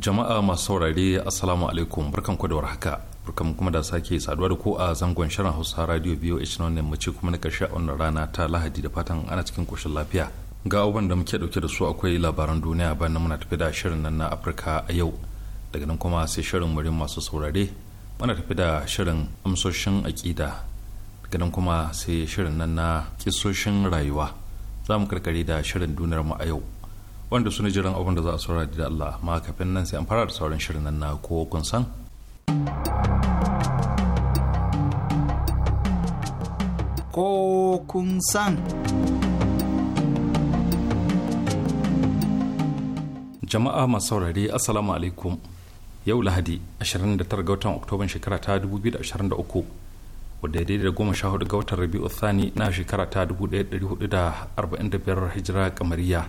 jama'a masu saurare assalamu alaikum barkan ku da warhaka barkan kuma da sake saduwa da ku a zangon shirin hausa radio voh na wannan mace kuma na karshe a wannan rana ta lahadi da fatan ana cikin koshin lafiya ga abubuwan da muke dauke da su akwai labaran duniya bayan muna tafi da shirin nan na afirka a yau daga nan kuma sai shirin murin masu saurare muna tafi da shirin amsoshin aƙida daga nan kuma sai shirin nan na kisoshin rayuwa za mu karkare da shirin duniyar mu a yau wanda suna jiran abin da za a saurara da Allah ma kafin nan sai an fara da sauran shirin nan na ko kun san ko kun san jama'a masu saurari assalamu alaikum yau lahadi 29 ga watan oktoban shekara ta 2023 wadda daidai da goma sha hudu ga watan rabi'u thani na shekara ta 1445 hijira kamariya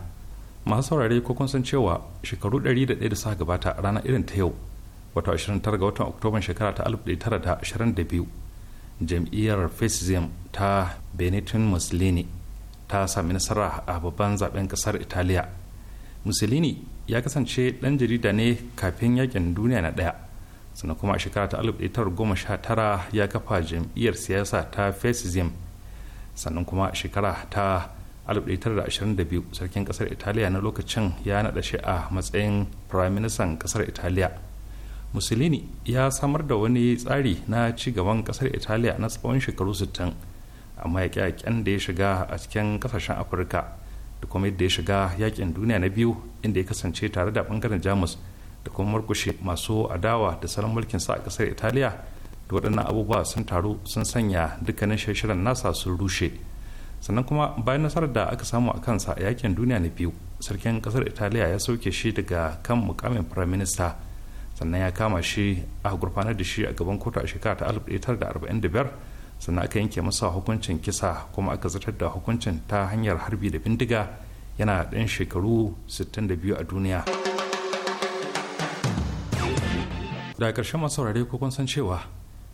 masu saurari ko kun san cewa shekaru 101 da suka gabata a ranar irin ta yau wata 29 ga watan oktoban shekara ta 1922 jam'iyyar fascism ta benetton mussolini ta sami nasara a babban zaben kasar italiya mussolini ya kasance ɗan jarida ne kafin yakin duniya na ɗaya sannan kuma a shekara ta 1919 ya kafa jam'iyyar siyasa ta fascism sannan kuma a shekara ta 1922 sarkin kasar italiya na lokacin ya naɗa shi a matsayin firaministan kasar italiya musulini ya samar da wani tsari na ci gaban kasar italiya na tsawon shekaru 60 amma ya kyakken da ya shiga a cikin kasashen afirka da kuma yadda ya shiga yakin duniya na biyu inda ya kasance tare da bangaren jamus da kuma murkushe masu adawa da salon mulkin sa a kasar italiya da waɗannan abubuwa sun taru sun sanya dukkanin shirin nasa sun rushe sannan kuma bayan nasarar da aka samu a kansa a yakin duniya na biyu sarkin kasar italiya ya sauke shi daga kan mukamin firaminista sannan ya kama shi a gurfanar da shi a gaban kotu a shekara ta 1945 sannan aka yanke masa hukuncin kisa kuma aka zartar da hukuncin ta hanyar harbi da bindiga yana ɗan shekaru 62 a duniya da karshen masu ko kun san cewa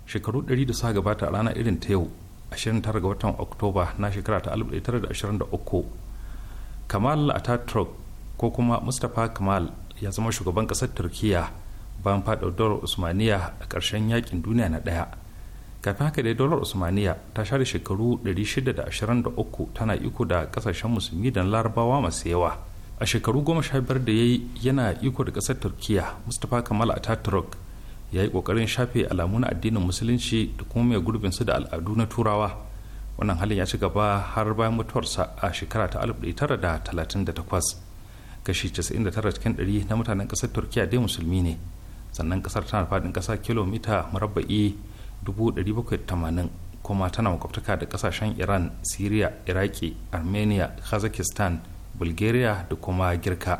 shekaru 100 da suka gabata a ranar irin ta yau 29 ga watan oktoba na shekara ta 1923 kamal ataturk ko kuma mustapha kamal ya zama shugaban kasar turkiya bayan faɗa dolar usmaniya a ƙarshen yakin duniya na ɗaya kafin haka dai dolar usmaniya ta share shekaru 623 tana iko da kasashen musulmi da larabawa masu yawa a shekaru goma sha biyar da ya yi yana iko da ƙasar turkiya mustapha kamal ataturk ya yi kokarin shafe alamu na addinin musulunci da kuma mai gurbin su da al'adu na turawa wannan halin ya ci gaba har bayan mutuwarsa a shekara ta 1938 kashi 99 cikin 100 na mutanen kasar turkiya dai musulmi ne sannan kasar tana faɗin ƙasa kilomita murabba'i 780 kuma tana makwabtaka da ƙasashen iran syria iraki armenia kazakhstan bulgaria da kuma girka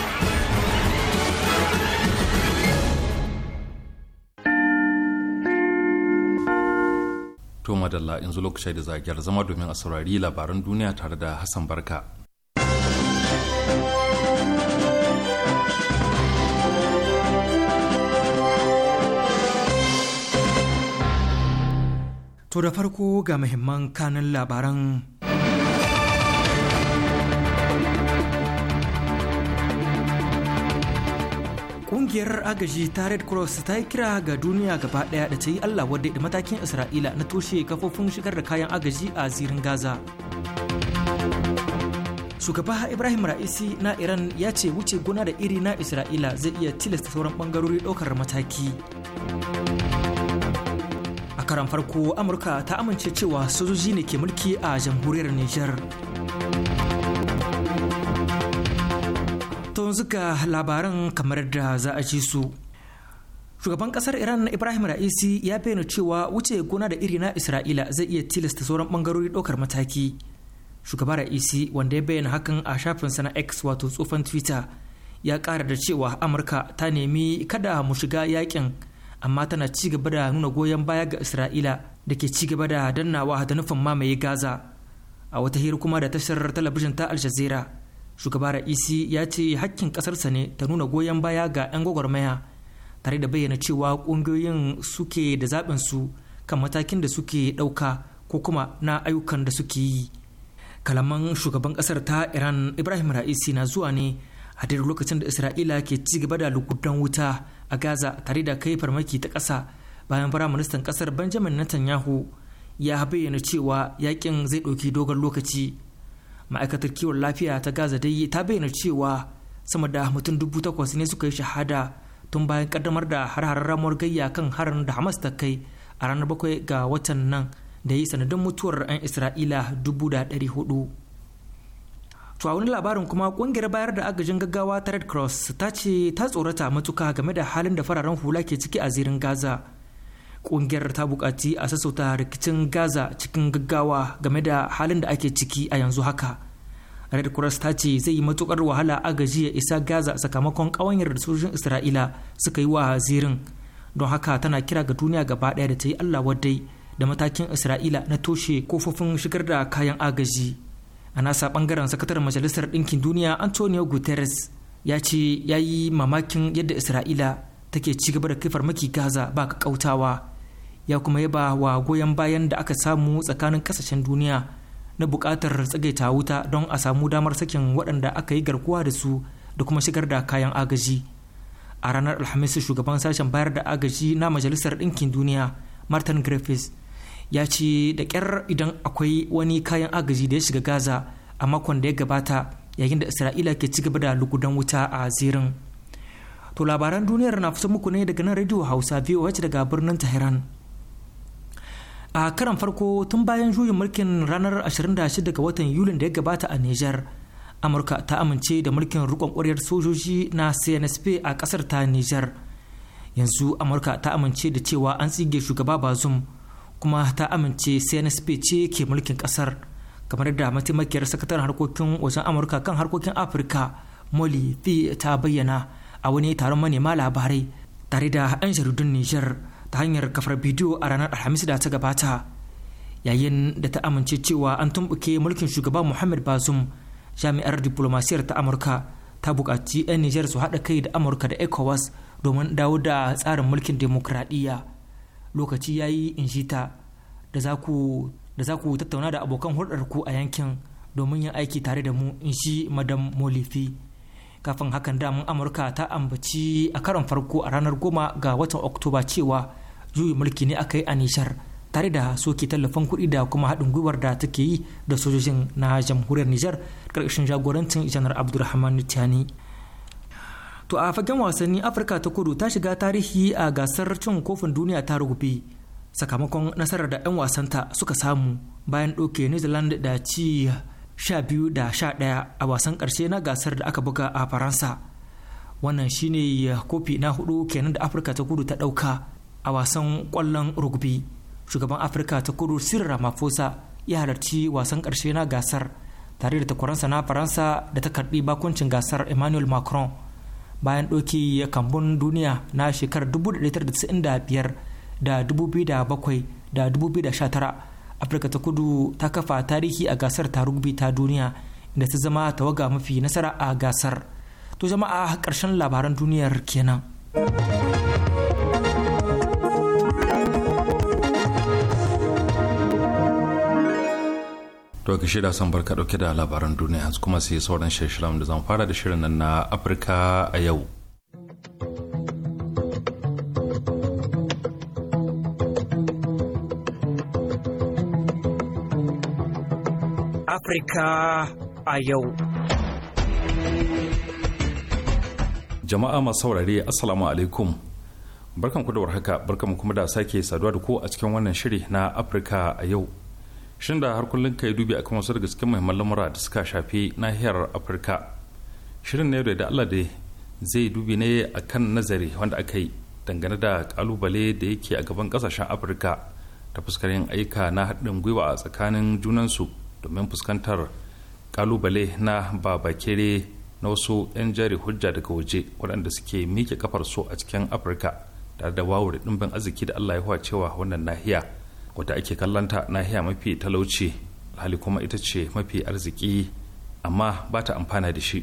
To madalla yanzu lokacin da zagiyar zama domin a saurari labaran duniya tare da Hassan Barka. To da farko ga muhimman kanin labaran Ƙungiyar agaji ta Red Cross ta yi kira ga duniya gaba ɗaya da ta yi Allah wadda da matakin Isra'ila na toshe kafofin shigar da kayan agaji a zirin Gaza. Shugaba Ibrahim Ra'isi na Iran ya ce wuce guna da iri na Isra'ila zai iya tilasta sauran ɓangarori ɗaukar mataki. A karan farko Amurka ta amince cewa sojoji ne ke mulki a jamhuriyar Nijar. yanzu labaran kamar da za a ci su shugaban kasar iran ibrahim ra'isi ya bayyana cewa wuce gona da iri na isra'ila zai iya tilasta sauran bangarori ɗaukar mataki shugaban ra'isi wanda ya bayyana hakan a shafin na x wato tsofan twitter ya ƙara da cewa amurka ta nemi kada mu shiga yakin amma tana ci gaba da nuna goyon baya ga isra'ila da ke ci gaba da dannawa da nufin mamaye gaza a wata hira kuma da tashar talabijin ta al jazeera shugaba ra'isi ya ce hakkin kasarsa ne ta nuna goyon baya ga 'yan gwagwarmaya tare da bayyana cewa ƙungiyoyin suke da zaɓin su kan matakin da suke ɗauka ko kuma na ayyukan da suke yi kalaman shugaban ƙasar ta iran ibrahim ra'isi na zuwa ne a daidai lokacin da isra'ila ke ci gaba da lukudan wuta a gaza tare da kai farmaki ta ƙasa bayan firaministan ƙasar benjamin netanyahu ya bayyana cewa yakin zai ɗauki dogon lokaci ma'aikatar kiwon lafiya ta gaza dai ta bayyana cewa sama da mutum dubu takwas ne suka yi shahada tun bayan kaddamar da har-harar ramuwar gayya kan harin da hamas ta kai a ranar bakwai ga watan nan da yi sanadin mutuwar 'yan isra'ila dubu da ɗari hudu to a wani labarin kuma kungiyar bayar da agajin gaggawa ta red cross ta ce ta tsorata matuka game da halin da fararen hula ke ciki a zirin gaza kungiyar ta bukaci a sassauta rikicin gaza cikin gaggawa game da halin da ake ciki a yanzu haka red cross ta ce zai yi matukar wahala agaji ya isa gaza sakamakon ƙawanyar da sojojin isra'ila suka yi wa zirin don haka tana kira ga duniya gaba ɗaya da ta yi allah wadai da matakin isra'ila na toshe kofofin shigar da kayan agaji a nasa bangaren sakataren majalisar ɗinkin duniya antonio guterres ya ce ya yi mamakin yadda isra'ila take ci gaba da kai farmaki gaza ba ka kautawa ya kuma yaba wa goyon bayan da aka samu tsakanin kasashen duniya na bukatar tsagaita wuta don a samu damar sakin waɗanda aka yi garkuwa da su da kuma shigar da kayan agaji a ranar alhamis shugaban sashen bayar da agaji na majalisar ɗinkin duniya martin griffiths ya ce da ƙyar idan akwai wani kayan agaji da ya shiga gaza a makon da ya gabata yayin da isra'ila ke ci gaba da lugudan wuta a zirin to labaran duniyar na fusa muku ne daga nan radio hausa voh daga birnin tehran a karan farko tun bayan juyin mulkin ranar 26 ga watan yulin da ya gabata a nijar amurka ta amince da mulkin rikon kwaryar sojoji na cnsp a kasar ta nijar yanzu amurka ta amince da cewa an tsige shugaba bazum kuma ta amince cnsp ce ke mulkin kasar kamar da mataimakiyar sakataren harkokin wajen amurka kan harkokin afirka molly ta bayyana a wani taron manema labarai tare da 'yan jaridun niger ta hanyar kafar bidiyo a ranar alhamis da ta gabata yayin da ta amince cewa an tumbuke mulkin shugaba muhammad bazum jami'ar diplomasiyar ta amurka ta buƙaci 'yan nijar su haɗa kai da amurka da ecowas domin dawo da tsarin mulkin demokradiyya lokaci ya yi in ta da za ku tattauna da abokan hulɗar ku a yankin domin yin aiki tare da mu in shi madam molifi kafin hakan damun amurka ta ambaci a karon farko a ranar goma ga watan oktoba cewa juyin mulki ne aka yi a nishar tare da soke tallafin kuɗi da kuma haɗin gwiwar da take yi da sojojin na jamhuriyar nijar ƙarƙashin jagorancin janar abdulrahman tiani to a fagen wasanni afirka ta kudu ta shiga tarihi a gasar cin kofin duniya ta rugubi sakamakon nasarar da 'yan wasanta suka samu bayan ɗauke new zealand da ci sha biyu da sha 11 a wasan ƙarshe na gasar da aka buga a faransa wannan shine kofi na hudu kenan da afirka ta kudu ta ɗauka a wasan kwallon rugby shugaban afirka ta kudu sirra ramaphosa ya halarci wasan karshe na gasar tare da takwaransa na faransa da ta karbi bakuncin gasar emmanuel macron bayan doki ya kambun duniya na shekarar 1995 da 2007 da 2019 afirka ta kudu ta kafa tarihi a gasar ta rugby ta duniya inda ta zama tawaga mafi nasara a gasar to jama'a karshen labaran duniyar kenan. to ka shirya san barka dauke da labaran duniya kuma sai sauran shirin da zan fara da shirin nan na afirka a yau Afirka a yau. Jama'a masu saurari Assalamu alaikum. Barkan ku da warhaka, barkan kuma da sake saduwa da ku a cikin wannan shiri na Afirka a yau. shin da har kullum yi dubi a kan wasu daga cikin muhimman lamura da suka shafi nahiyar afirka shirin na da allah da zai dubi ne a kan nazari wanda aka yi dangane da kalubale da yake a gaban kasashen afirka ta fuskar yin aika na haɗin gwiwa a tsakanin junansu domin fuskantar kalubale na babakere na wasu 'yan jari hujja daga waje waɗanda suke mike kafar so a cikin afirka tare da wawure ɗimbin arziki da allah ya cewa wannan nahiya wata ake kallanta nahiya mafi talauci hali kuma ita ce mafi arziki amma ba ta amfana da shi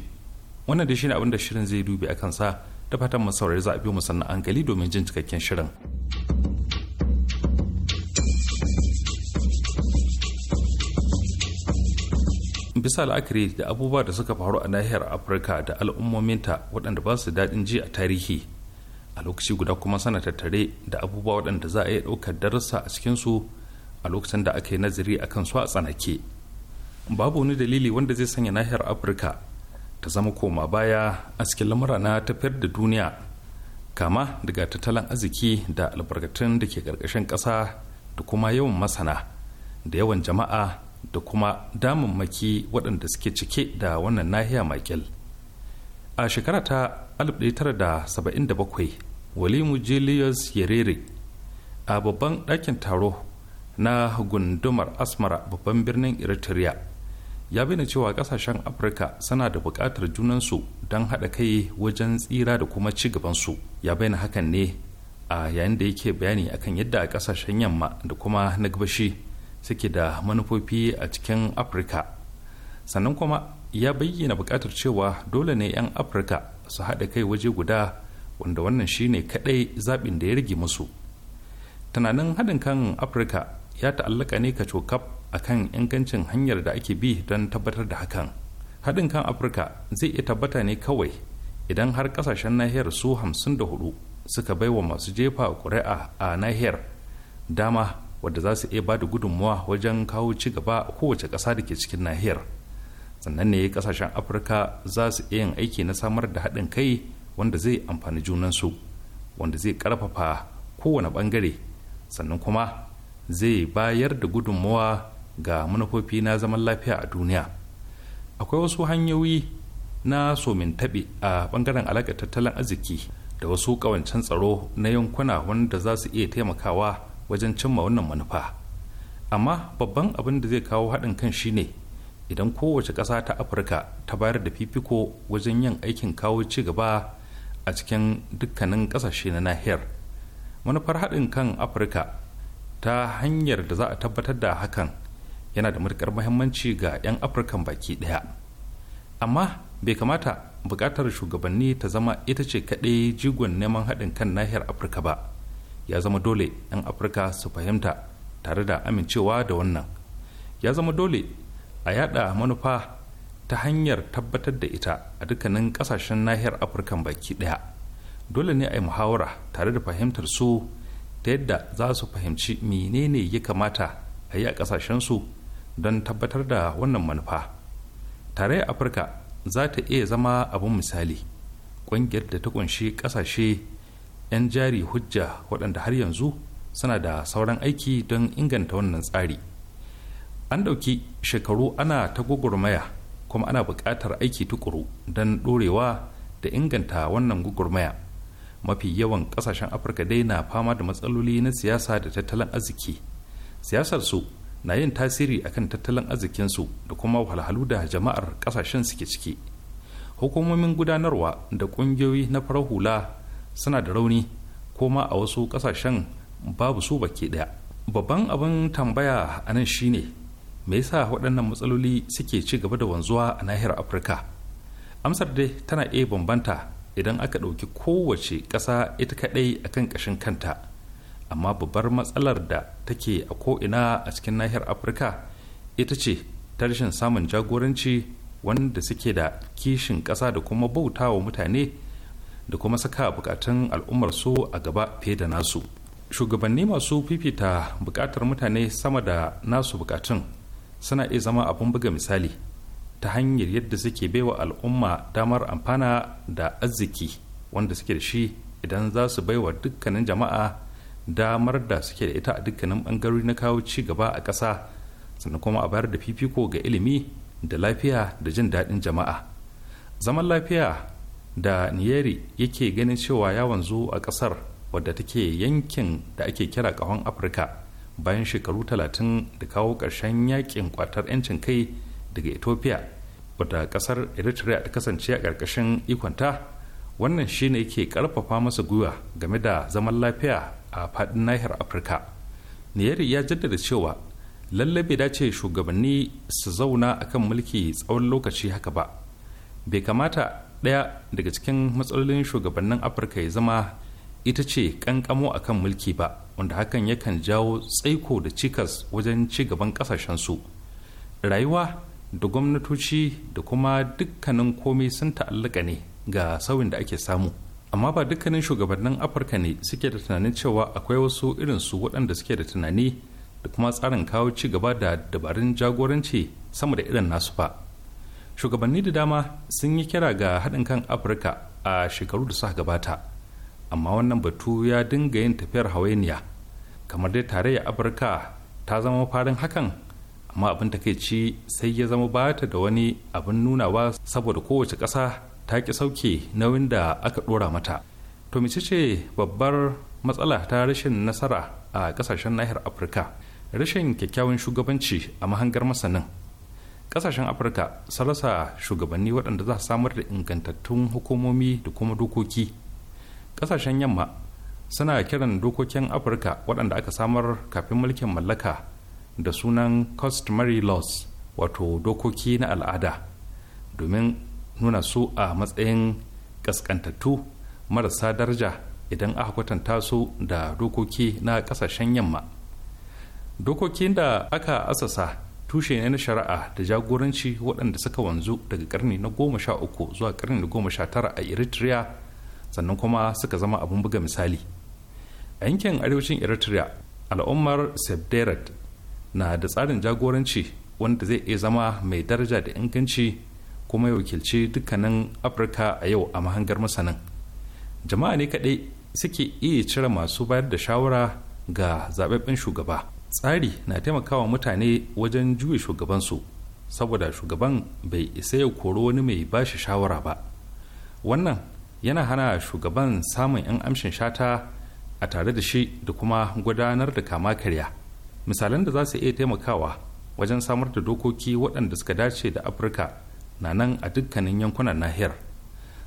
wannan da shi ne abin shirin zai dubi a kansa ta fatan mu saurari za a biyo mu an gali domin jin cikakken shirin bisa la'akari da abubuwa da suka faru a nahiyar afirka da al'ummominta waɗanda ba su daɗin ji a tarihi a lokaci guda kuma sana tattare da abubuwa waɗanda za a iya ɗaukar darussa a cikinsu a lokacin da aka yi nazari a kansu a tsanake babu wani dalili wanda zai sanya nahiyar afirka ta zama koma baya a cikin lamura na tafiyar da duniya kama daga tattalin arziki da albarkatun da ke ƙarƙashin ƙasa da kuma yawan masana da yawan jama'a da kuma damammaki waɗanda suke cike da wannan nahiya makil a shekara ta 1977 walimu julius yerere a babban ɗakin taro na gundumar asmara babban birnin eritrea ya bayyana cewa ƙasashen afirka suna da buƙatar junansu don haɗa kai wajen tsira da kuma ci gabansu ya bayyana hakan ne a yayin da yake bayani akan yadda ƙasashen yamma da kuma na gabashi suke da manufofi a cikin afirka sannan kuma ya bayyana buƙatar cewa dole ne 'yan afirka su haɗa kai waje guda wanda wannan shi ne kadai zaɓin da ya rage musu tunanin haɗin kan afirka ya ta'allaka ne ka cokaf a kan ingancin hanyar da ake bi don tabbatar da hakan haɗin kan afirka zai iya tabbata ne kawai idan har ƙasashen nahiyar su hamsin da hudu suka bai wa masu jefa ƙuri'a a nahiyar dama wadda za su iya ba da gudunmuwa wajen kawo ci gaba a kowace ƙasa da ke cikin nahiyar sannan ne ƙasashen afirka za su iya yin aiki na samar da haɗin kai wanda zai amfani junansu wanda zai karfafa kowane bangare sannan kuma zai bayar da gudunmawa ga manufofi na zaman lafiya a duniya akwai wasu hanyoyi na somin taɓe a bangaren alaƙar tattalin arziki da wasu ƙawancen tsaro na yankuna wanda za su iya taimakawa wajen cimma wannan manufa amma babban abin da zai kawo haɗin kan shine idan kowace ƙasa ta afirka ta bayar da fifiko wajen yin aikin kawo ci gaba a cikin dukkanin ƙasashe na nahiyar manufar haɗin kan afirka ta hanyar da za a tabbatar da hakan yana da matuƙar muhimmanci ga 'yan afirkan baki ɗaya amma bai kamata buƙatar shugabanni ta zama ita ce kaɗai jigon neman haɗin kan nahiyar afirka ba ya zama dole 'yan afirka su fahimta tare da amincewa da wannan ya zama dole a yada manufa ta hanyar tabbatar da ita a dukkanin kasashen nahiyar afirka baki daya dole ne a yi muhawara tare da fahimtar su ta yadda za su fahimci menene ya kamata a yi a kasashensu don tabbatar da wannan manufa tare a afirka za ta iya zama abin misali ƙungiyar da ta kunshi ƙasashe 'yan jari hujja waɗanda har yanzu suna da sauran aiki don inganta wannan tsari an ɗauki shekaru ana ta gwagwarmaya kuma ana buƙatar aiki tukuru don ɗorewa da inganta wannan gugurmaya mafi yawan ƙasashen afirka dai na fama da matsaloli na siyasa da tattalin arziki siyasar su na yin tasiri akan tattalin arzikinsu da kuma wahalhalu da jama'ar ƙasashen suke ciki hukumomin gudanarwa da ƙungiyoyi na farar hula suna da rauni ko a wasu ƙasashen babu su baki ɗaya babban abin tambaya a nan shine me yasa waɗannan matsaloli suke ci gaba da wanzuwa a nahiyar afirka amsar dai tana iya bambanta idan aka ɗauki kowace ƙasa ita kaɗai a kan ƙashin kanta amma babbar matsalar da take a ko'ina a cikin nahiyar afirka ita ce ta rashin samun jagoranci wanda suke da kishin ƙasa da kuma bauta wa mutane da kuma saka bukatun al'ummar su a gaba fiye da nasu shugabanni masu fifita bukatar mutane sama da nasu bukatun suna iya zama abin buga misali ta hanyar yadda suke baiwa al'umma damar amfana da arziki wanda suke da shi idan za su baiwa dukkanin jama'a damar da suke da ita a dukkanin bangarori na kawo ci gaba a ƙasa sannan kuma a bayar da fifiko ga ilimi da lafiya da jin daɗin jama'a zaman lafiya da niyeri yake ganin cewa ya wanzu a ƙasar wadda take yankin da ake kira ƙahon afirka bayan shekaru talatin da kawo ƙarshen yakin kwatar 'yancin kai daga ethiopia wadda ƙasar eritrea ta kasance a ƙarƙashin ikonta wannan shi ne ke ƙarfafa masa gwiwa game da zaman lafiya a faɗin nahiyar afirka niyari ya jaddada cewa lallai bai dace shugabanni su zauna a kan mulki tsawon lokaci haka ba bai kamata ɗaya daga cikin matsalolin shugabannin afirka ya zama ita ce ƙanƙamo kan mulki ba wanda hakan yakan jawo tsaiko da cikas wajen ci gaban kasashensu rayuwa da gwamnatoci da kuma dukkanin komai sun ta'allaka ne ga sauyin da ake samu amma ba dukkanin shugabannin afirka ne suke da tunanin cewa akwai wasu irin su waɗanda suke da tunani da kuma tsarin kawo ci gaba da dabarun jagoranci sama da irin nasu ba shugabanni da dama sun yi kira ga haɗin kan afirka a shekaru da suka gabata amma wannan batu ya dinga yin tafiyar hawainiya kamar dai tarayyar afirka ta zama farin hakan amma abin takaici sai ya zama bata da wani abin nunawa saboda kowace ƙasa ta ki sauke nauyin da aka ɗora mata to ce babbar matsala ta rashin nasara a ƙasashen nahiyar afirka rashin kyakkyawan shugabanci a mahangar masanin ƙasashen afirka su rasa shugabanni waɗanda za su samar da ingantattun hukumomi da kuma dokoki ƙasashen yamma suna kiran dokokin afirka waɗanda aka samar kafin mulkin mallaka da sunan customary laws wato dokoki na al'ada domin nuna su a matsayin ƙasƙantattu marasa daraja idan aka kwatanta su da dokoki na ƙasashen yamma dokokin da aka asasa tushe ne na shari'a da jagoranci waɗanda suka wanzu daga ƙarni na goma sha uku zuwa ƙarni na goma sha tara a eritrea sannan kuma suka zama abin buga misali a yankin arewacin eritrea al'ummar sebderet na da tsarin jagoranci wanda zai iya zama mai daraja da inganci kuma ya wakilci dukkanin afirka a yau a mahangar masanin jama'a ne kaɗai suke iya cire masu bayar da shawara ga zaɓaɓɓen shugaba tsari na taimakawa mutane wajen juya shugabansu saboda shugaban bai isa ya koro wani mai ba shi shawara ba wannan yana hana shugaban samun 'yan amshin shata a tare da shi da kuma gudanar da kama karya misalan da za su iya taimakawa wajen samar da dokoki waɗanda suka dace da afirka na nan a dukkanin yankunan nahiyar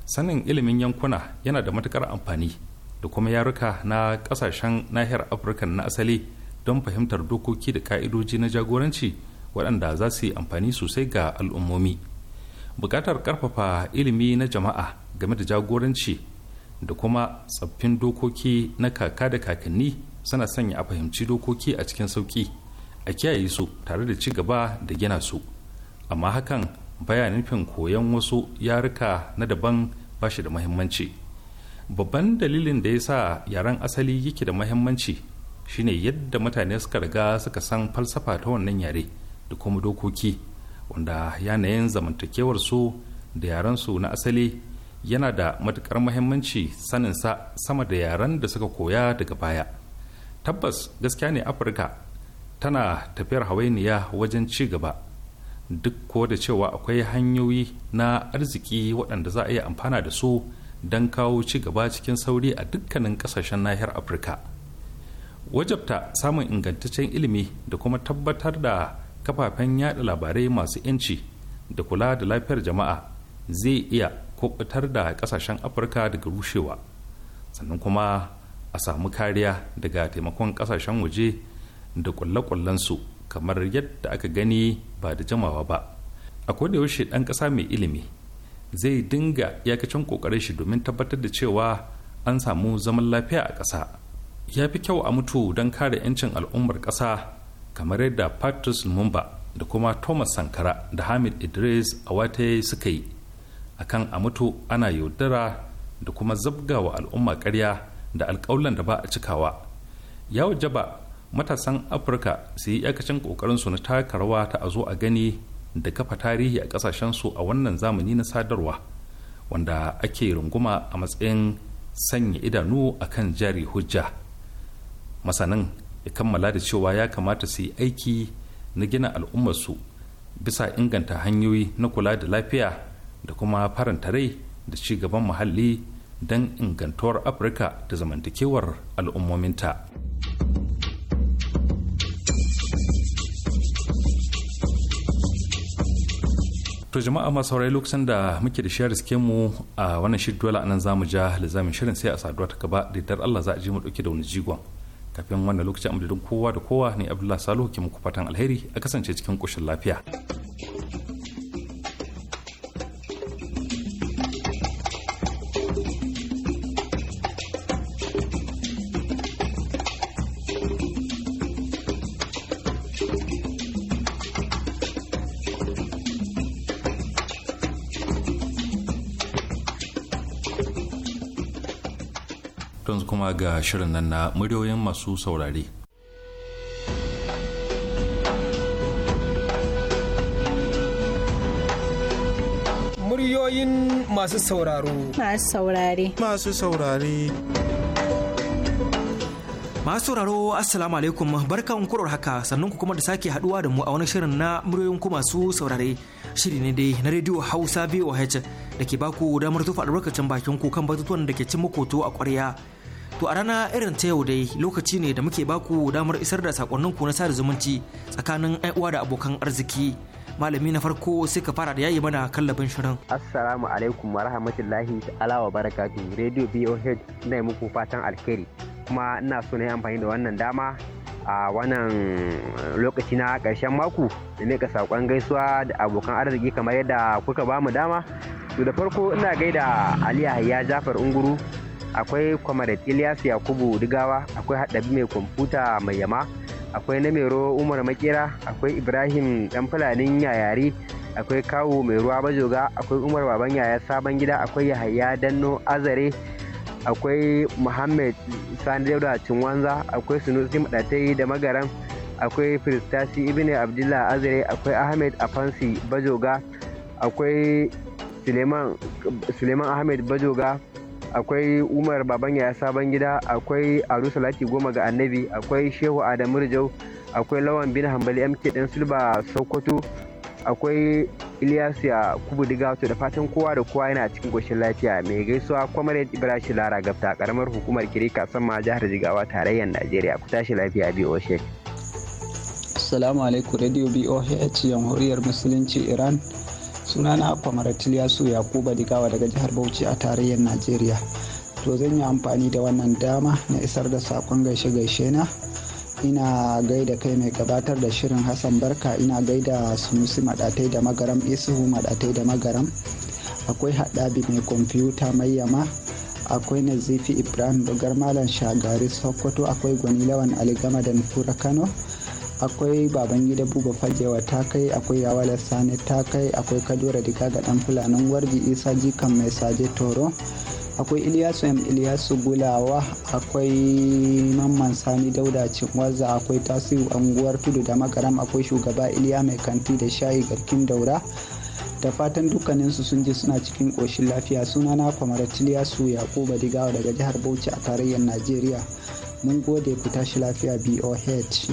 sanin ilimin yankuna yana da matukar amfani da kuma yaruka na ƙasashen nahiyar afirka na asali don fahimtar dokoki da ka'idoji na jagoranci waɗanda za su yi amfani sosai ga al'ummomi buƙatar ƙarfafa ilimi na jama'a game da jagoranci da kuma tsaffin dokoki na kaka da kakanni suna sanya a fahimci dokoki a cikin sauƙi a kiyaye su tare da ci gaba da gina su amma hakan baya nufin koyon wasu yaruka na daban ba shi da mahimmanci babban dalilin da ya sa yaren asali yake da mahimmanci shine yadda mutane suka riga suka san falsafa ta wannan yare da kuma dokoki wanda yanayin zamantakewar su da yarensu na asali yana da matukar muhimmanci sa sama da yaren da suka koya daga baya tabbas gaskiya ne afirka tana tafiyar hawainiya wajen ci gaba duk ko da cewa akwai hanyoyi na arziki waɗanda za a iya amfana da su don kawo ci gaba cikin sauri a dukkanin ƙasashen nahiyar afirka wajabta samun ingantaccen ilimi da kuma tabbatar da kafafen yaɗa labarai masu 'yanci da kula da lafiyar jama'a zai iya kubutar da kasashen afirka daga rushewa sannan kuma a samu kariya daga taimakon kasashen waje da kulle-kullensu kamar yadda aka gani ba da jamawa ba a yaushe ɗan ƙasa mai ilimi zai dinga iyakacin ƙoƙarin shi domin tabbatar da cewa an samu zaman lafiya a ƙasa ya fi kyau a mutu don kare 'yancin al'ummar ƙasa kamar yadda patrice lumumba da kuma thomas sankara da hamid idris a wata suka yi akan a mutu ana yaudara da kuma wa al'umma karya da alƙawlan da ba a cikawa ya wajaba matasan afirka su yi yakacin su na taka rawa ta a zo a gani da kafa tarihi a su a wannan zamani na sadarwa wanda ake runguma a matsayin sanya idanu a kan jari hujja masanin ya kammala da cewa ya kamata su yi aiki na gina al'ummarsu bisa inganta hanyoyi na kula da lafiya da kuma faranta rai da ci gaban muhalli don ingantuwar afirka da zamantakewar al'ummominta to jama'a masu saurayi lokacin da muke da shiyar suke mu a wannan shirin dole anan zamu ja lizamin shirin sai a saduwa ta gaba da dar Allah za a je mu dauke da wani jigon kafin wannan lokacin amadadin kowa da kowa ne Abdullahi Salihu ke muku fatan alheri a kasance cikin koshin lafiya. kuma ga shirin nan na muryoyin masu saurare. Muryoyin masu sauraro. Masu saurare. Masu saurare. Masu sauraro Assalamu alaikum barkan kurar haka sannan ku kuma da sake haduwa da mu a wani shirin na muryoyin ku masu saurare shiri ne dai na rediyo Hausa VOH da ke baku damar tufa albarkacin bakin ku kan batutuwan da ke cin makoto a ƙwarya To a rana irin ta yau dai lokaci ne da muke baku damar isar da sakonninku na sada zumunci tsakanin uwa da abokan arziki. malami na farko sai ka fara da yayi mana kallabin shirin. Assalamu alaikum wa rahmatullahi ta'ala wa barakatu Radio BOH ina yi muku fatan alheri kuma ina so na yi amfani da wannan dama a wannan lokaci na karshen mako da ne ka saƙon gaisuwa da abokan arziki kamar yadda kuka bamu dama to da farko ina gaida Ali Yahya Jafar Unguru akwai kwamarat ilyas yakubu digawa akwai haɗabi mai kwamfuta mai yama akwai namero umar makera akwai ibrahim dan fulanin yayari akwai kawu mai ruwa bajoga akwai umar baban yaya sabon gida akwai yahaya danno azare akwai muhammed sani dauda cinwanza akwai sunusi madatai da magaran akwai firistasi ibn abdullah azare akwai ahmed afansi bajoga akwai suleiman ahmed bajoga akwai umar baban ya sabon gida akwai aru salati goma ga annabi akwai shehu adamu rijau akwai lawan bin hambali mk dan silba sokoto akwai ilyasu ya kubu to da fatan kowa da kowa yana cikin goshin lafiya mai gaisuwa kwamarin ibrahim lara gafta karamar hukumar kirika sama jihar jigawa tarayyar najeriya ku tashi lafiya biyu shek assalamu alaikum radio boh jamhuriyar musulunci iran sunana kwamaratil yasu yakuba digawa daga jihar bauchi a tarayyar najeriya to zan yi amfani da wannan dama na isar da sakon gaishe-gaishe na ina gaida kai mai gabatar da shirin hassan barka ina gaida sunusi madatai da magaram isuhu madatai da magaram akwai haɗabi mai kwamfuta mai yama akwai nazifi ibrahim dogar malam shagari sokoto akwai gwani lawan aligama da nufura kano akwai baban gida buba fagewa ta kai akwai yawala sani ta kai akwai kadura diga ga dan fulanin warji isa jikan mai saje toro akwai iliyasu m iliyasu gulawa akwai mamman sani dauda cinwaza akwai tasiru anguwar tudu da makaram akwai shugaba iliya mai kanti da shayi garkin daura da fatan dukkaninsu sun ji suna cikin koshin lafiya sunana kwamar tiliyasu yakuba digawa daga jihar bauchi a tarayyar najeriya mun gode ku tashi lafiya boh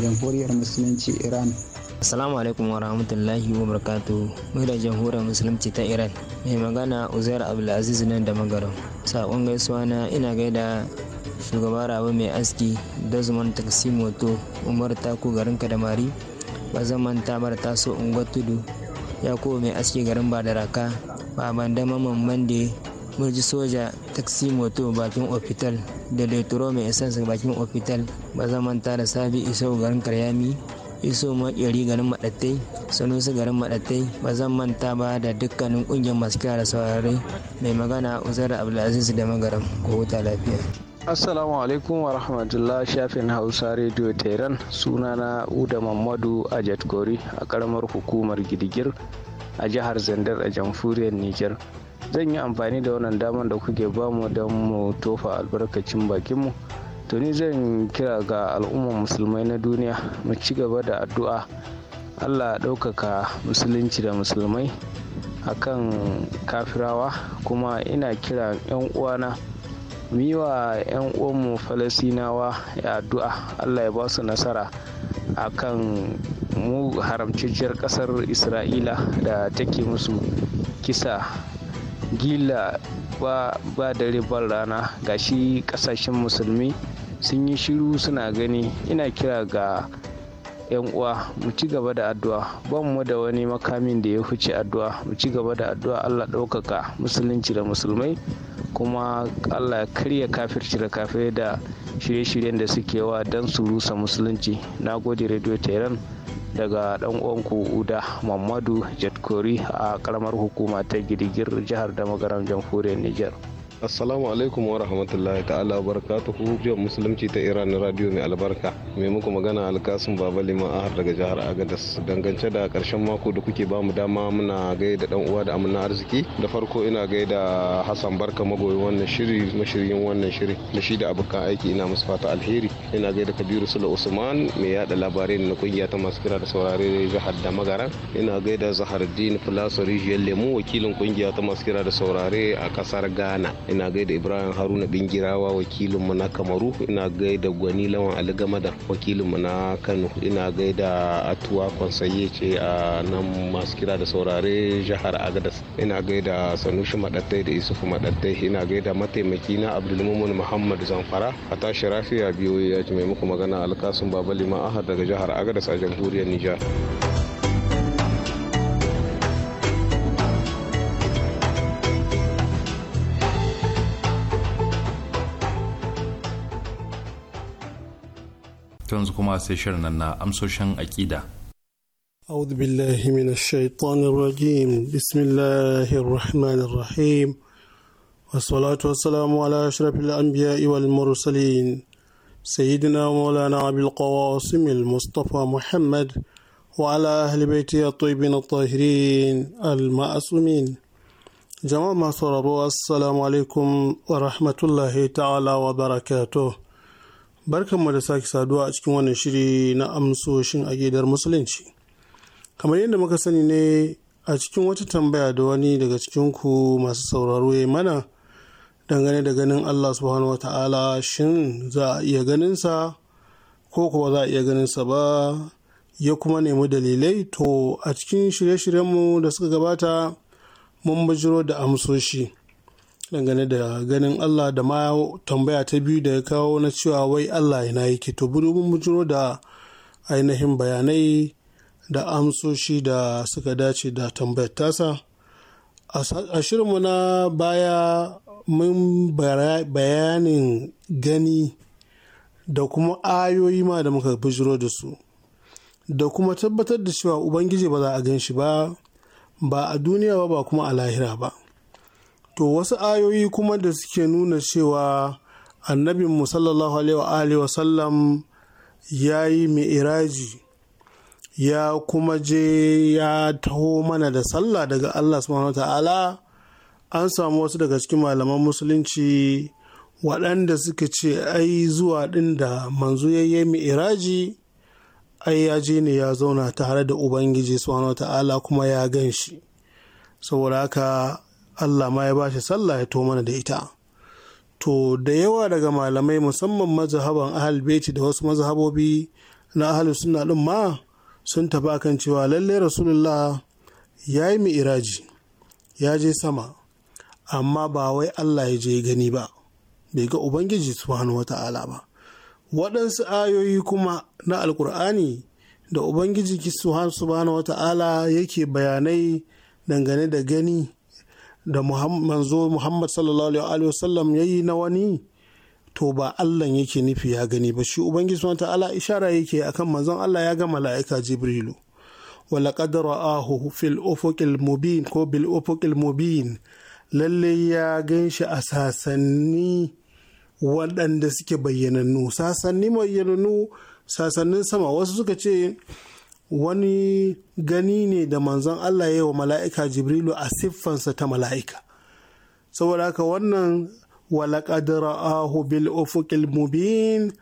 jamhuriyar musulunci iran Assalamu alaikum wa rahmatullahi wa barakatu mai da jamhuriyar musulunci ta Iran mai magana Uzair Abdulaziz nan da magaro sakon gaisuwa na ina gaida shugaba rabu mai aski Dozman Taksi Moto Umar Taku garin Kadamari Bazaman bar Taso Ungwa Tudu Yakubu mai aski garin Badaraka Baban Dama Mamman murji soja taksi moto bakin ofital da leturo mai isansa bakin ofital ba zan manta da sabi iso garin karyami iso makeri garin madattai sanusi garin madattai ba zan manta ba da dukkanin kungiyar masu kyara saurare mai magana uzar abdulaziz da magaram ko huta lafiya Assalamu alaikum wa rahmatullah shafin Hausa Radio Tehran sunana Uda Mamadu Ajat Gori a karamar hukumar Gidigir a jihar Zandar a jamhuriyar Nijar. zan yi amfani da wannan damar da kuke bamu don mu tofa albarkacin bakinmu to ni zan kira ga al'ummar musulmai na duniya mu ci gaba da addu'a allah ɗaukaka musulunci da musulmai akan kafirawa kuma ina kira 'yan uwana mu yi wa 'yan uwanmu falasinawa ya addu'a allah ya ba su nasara akan mu haramciciyar kasar isra'ila da take musu kisa gila ba ba dare ban rana shi kasashen musulmi sun yi shiru suna gani ina kira ga 'yan uwa mu ci gaba da addu'a ba mu da wani makamin da ya huce addu'a mu ci gaba da addu'a Allah ɗaukaka musulunci da musulmai kuma Allah ya karya kafirci da kafirai da shirye-shiryen da suke wa don su rusa musulunci na gode radio tehran daga dan uwanku uda mamadu jatkori a karamar hukuma ta girgir jihar damagaram jamhuriyar niger Assalamu alaikum wa rahmatullahi ta'ala wa barakatuhu jiya musulunci ta Iran radio mai albarka. Mai muku magana alkasun Baba Liman Ahar daga jihar Agadas dangance da karshen mako da kuke ba mu dama muna gaida dan uwa da amina arziki. Da farko ina gaida Hassan Barka magoyi wannan shiri mashiryin wannan shiri da shi da abokan aiki ina musu fata alheri. Ina gaida Kabiru Sula Usman mai yada labarai na kungiya ta masu kira da saurare jihar da Ina gaida Zahardin Fulasa Rijiyar Lemu wakilin kungiya ta masu kira da saurare a kasar Ghana. ina gaida ibrahim haruna bingirawa wakilin mu na kamaru ina gaida gwani lawan aligamada wakilin mu na kano ina gaida atuwa konsaye ce a nan masu kira da saurare jihar agadas ina gaida sanushi madattai da isufu madattai ina gaida mataimaki na abdulmumun muhammad zamfara a tashi rafiya biyu ya ji mai muku magana alkasun baba lima ahad daga jihar agadas a jamhuriyar nijar yanzu kuma sai shirin nan na amsoshin aƙida. أعوذ بالله من الشيطان الرجيم بسم الله الرحمن الرحيم والصلاة والسلام على أشرف الأنبياء والمرسلين سيدنا ومولانا أبي القواسم المصطفى محمد وعلى أهل بيته الطيبين الطاهرين المعصومين جماعة السلام عليكم ورحمة الله تعالى وبركاته Barkanmu da sake saduwa a cikin wannan shiri na amsoshin gidar musulunci. Kamar yadda muka sani ne a cikin wata tambaya da wani daga cikin ku masu sauraro ya mana dangane da ganin Allah subhanahu wata'ala shin za a iya ganinsa ko kuwa za a iya ganinsa ba ya kuma nemi dalilai to a cikin shirye-shiryenmu da suka gabata mun bajiro da amsoshi dangane da ganin Allah da ma tambaya ta biyu da ya kawo na cewa wai Allah ina yake to budu mun bujiro da ainihin bayanai da amsoshi da suka dace da tambayar tasa a shirinmu na baya mun bayanin gani da kuma ayoyi ma da muka bujiro da su da kuma tabbatar da cewa ubangiji ba za a gan shi ba ba a duniya ba ba kuma a lahira ba to wasu ayoyi kuma da suke nuna cewa annabin mu sallallahu alaihi wa sallam ya yi mi'iraji ya kuma je ya taho mana da sallah daga Allah subhanahu ta'ala an samu wasu daga cikin malaman musulunci waɗanda suka ce ai zuwa ɗin da manzo ya yi mi'iraji ai ya je ne ya zauna tare da ubangiji subhanahu ta'ala kuma ya ganshi. saboda haka Allah ma ya bashi sallah ya to mana da ita to da yawa daga malamai musamman mazhaban ahal beti da wasu mazhabobi na ahal suna ɗin ma sun taba kan cewa lallai rasulullah ya yi mi'iraji ya je sama amma ba wai Allah ya je gani ba bai ga ubangiji subhanahu ta'ala ba waɗansu ayoyi kuma na alkur'ani da ubangiji subhanahu ta'ala yake bayanai dangane da gani da manzo muhammad sallallahu alaihi wasallam ya yi na wani to ba allah yake nufi ya gani ba shi ubangiji subhanahu ta'ala ishara yake akan manzon allah ya ga mala'ika jibrilu ولقد ahu fil الأفق mubin ko bil ufuqil mubin lalle ya gan shi a sasanni waɗanda suke bayyanannu sasanni bayyanannu sasannin sama wasu suka ce wani gani ne da manzon Allah ya yi wa mala'ika Jibrilu a siffansa ta mala'ika. Saboda haka wannan walakadara ahu bil ufuqil mubin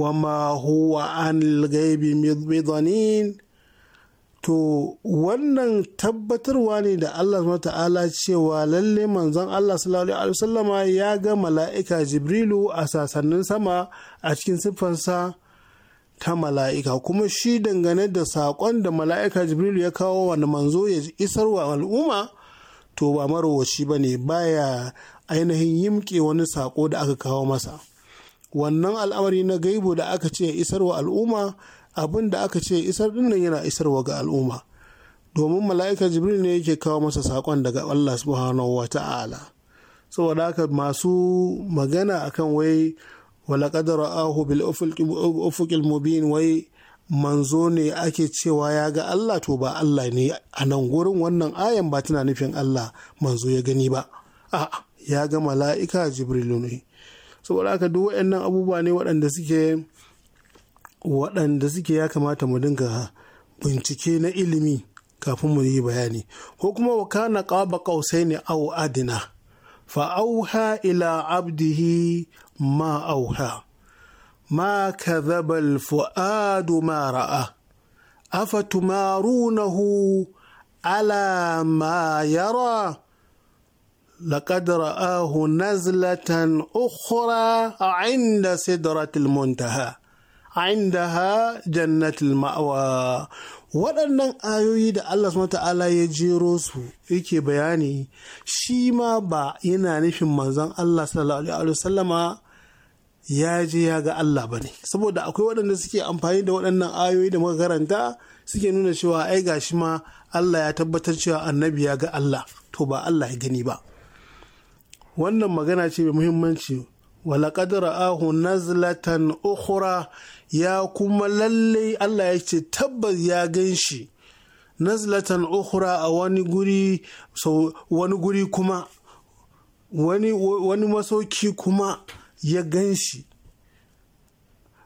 wa ma huwa an gaibi bidanin to wannan tabbatarwa ne da Allah subhanahu ta'ala cewa lalle manzon Allah sallallahu alaihi wasallama ya ga mala'ika Jibrilu a sasannin sama a cikin siffansa ta mala'ika kuma shi dangane da saƙon da mala'ika jibril ya kawo wani manzo ya isar wa al'umma to ba marowaci ba ne baya ainihin yimke wani saƙo da aka kawo masa wannan al'amari na gaibo da aka ce isar wa al'umma abin da aka ce isar dinnan yana isar wa ga al'umma domin mala'ika jibril ne yake kawo masa saƙon daga allah subhanahu wa ta'ala saboda haka masu magana akan wai walaƙad ra'ahu bil ufuqil mubin wai manzo ne ake cewa ya ga Allah to ba Allah ne a nan wurin wannan ayan ba tana nufin Allah manzo ya gani ba a'a ya ga mala'ika jibrilu ne saboda haka duk waɗannan abubuwa ne waɗanda suke waɗanda suke ya kamata mu dinga bincike na ilimi kafin mu yi bayani ko kuma wa kana qaba qausaini aw adina fa auha ila abdihi ما أوهى ما كذب الفؤاد ما رأى أفتمارونه على ما يرى لقد رآه نزلة أخرى عند سدرة المنتهى عندها جنة المأوى waɗannan ayoyi da Allah subhanahu ta'ala ya jero su yake bayani shi ma ba yana nufin manzon Allah sallallahu alaihi wasallama ya je ya ga Allah ba ne saboda akwai waɗanda suke amfani da waɗannan ayoyi da muka karanta suke nuna cewa ai gashi ma Allah ya tabbatar cewa annabi ya ga Allah to ba Allah ya gani ba wannan magana ce mai muhimmanci walaƙad ahu nazlatan ukhra ya kuma lalle Allah ya ce tabbas ya gan shi nazlatan ukhra a wani guri wani guri kuma wani masauki kuma ya gan shi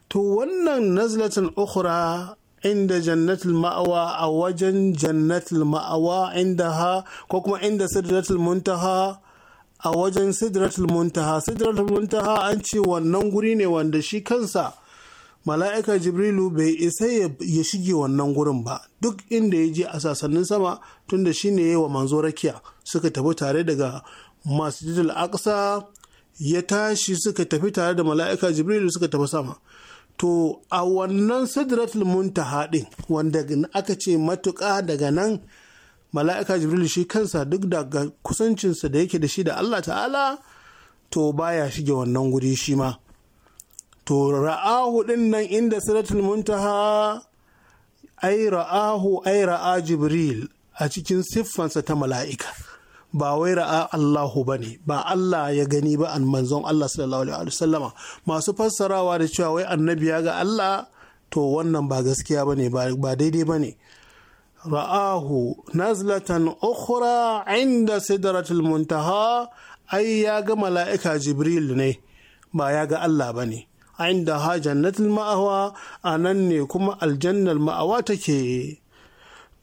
to wannan nazlatul ukhra inda jannatul ma'awa a wajen jannatul ma'awa inda ha ko kuma inda sidratul muntaha a wajen sidratul muntaha sidratul muntaha an ce wannan guri ne wanda shi kansa mala'ika jibrilu bai isa ya shige wannan gurin ba duk inda ya je a sasannin sama tunda shi ne wa manzo rakiya suka tafi tare daga masjidul aqsa ya tashi suka tafi tare da mala'ika Jibril suka tafi sama to a wannan sidratul muntaha din wanda aka ce matuƙa daga nan mala'ika Jibril shi kansa duk daga kusancinsa da yake da shi da allah ta'ala to baya shige wannan guri shi ma to ra'ahu din nan inda sidratul muntaha ai ra'ahu ai ra'a jibril a cikin siffansa ta mala'ika ba wai ra'a Allahu ba ne ba Allah ya gani ba an manzon Allah sallallahu alaihi wasallama masu fassarawa da cewa wai annabi ya ga Allah to wannan ba gaskiya ba ne ba daidai ba ne ra'ahu nazlatan ukhra inda sidratul muntaha ai ya ga mala'ika jibril ne ba ya ga Allah ba ne inda ha jannatul ma'awa a nan ne kuma aljannar ma'awa take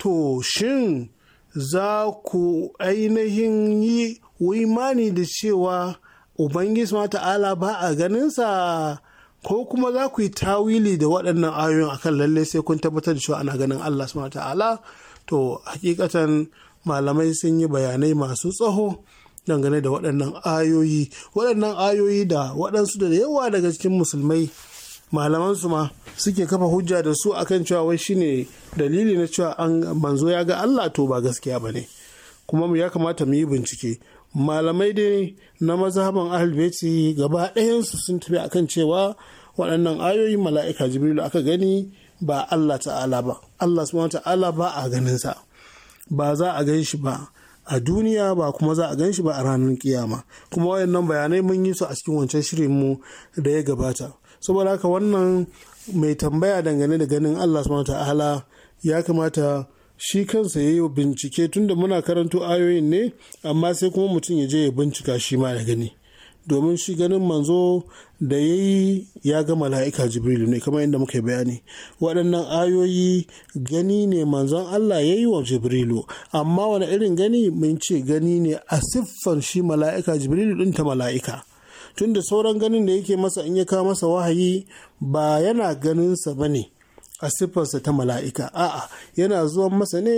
to shin za ku ainihin yi imani da cewa Ubangiji ma ta'ala ba a ganinsa ko kuma za ku yi tawili da waɗannan ayoyin akan lalle sai kun tabbatar da cewa ana ganin Allah subhanahu ta'ala to hakikatan malamai sun yi bayanai masu tsaho dangane da waɗannan ayoyi waɗannan ayoyi da waɗansu da yawa daga cikin musulmai malaman su ma suke kafa hujja da su akan cewa wai shine dalili na cewa an manzo ya ga Allah to ba gaskiya bane kuma ya kamata mu yi bincike malamai dai na mazhaban ahlbeti gaba ɗayansu sun tafi akan cewa waɗannan ayoyin mala'ika jibrilu aka gani ba Allah ta'ala ba Allah subhanahu ta'ala ba a ganin sa ba za a gan shi ba a duniya ba kuma za a gan shi ba a ranar kiyama kuma wayannan bayanai mun yi su a cikin wancan shirin mu da ya gabata saboda haka wannan mai tambaya dangane da ganin Allah subhanahu ta'ala ya kamata shi kansa ya yi bincike tunda muna karanto ayoyin ne amma sai kuma mutum ya je ya bincika shi ma ya gani domin shi ganin manzo da ya yi ya ga mala'ika jibrilu ne kamar yadda muka bayani waɗannan ayoyi gani ne manzon Allah ya yi wa jibrilu amma wani irin gani mun ce gani ne a siffan shi mala'ika jibrilu ɗin ta mala'ika tunda sauran ganin da yake masa in ya kawo masa wahayi ba yana ganinsa ba ne a siffarsa ta mala'ika a'a yana zuwan masa ne